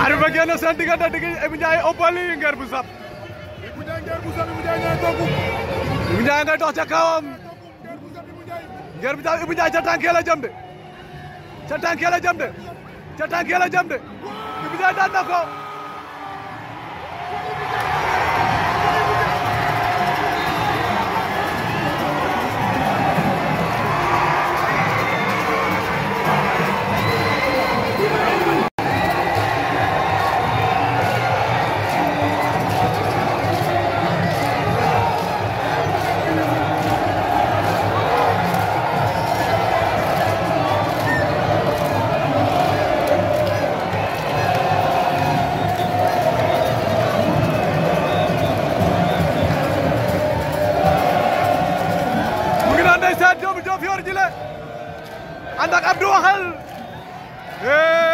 Arbi ba génn seen diggante digg Ibou Ndiaye bu Sab. Ibou Ndiaye Nguer bu Sab Ibou Ndiaye dox ca kawam. Nguer bu Sab Ibou Ndiaye ca tànkee la jëm de. ca tànkee la ca tànkee la jëm de. daan na ko. ليس الجوف في رجله عندك عبد الوهاب إيه.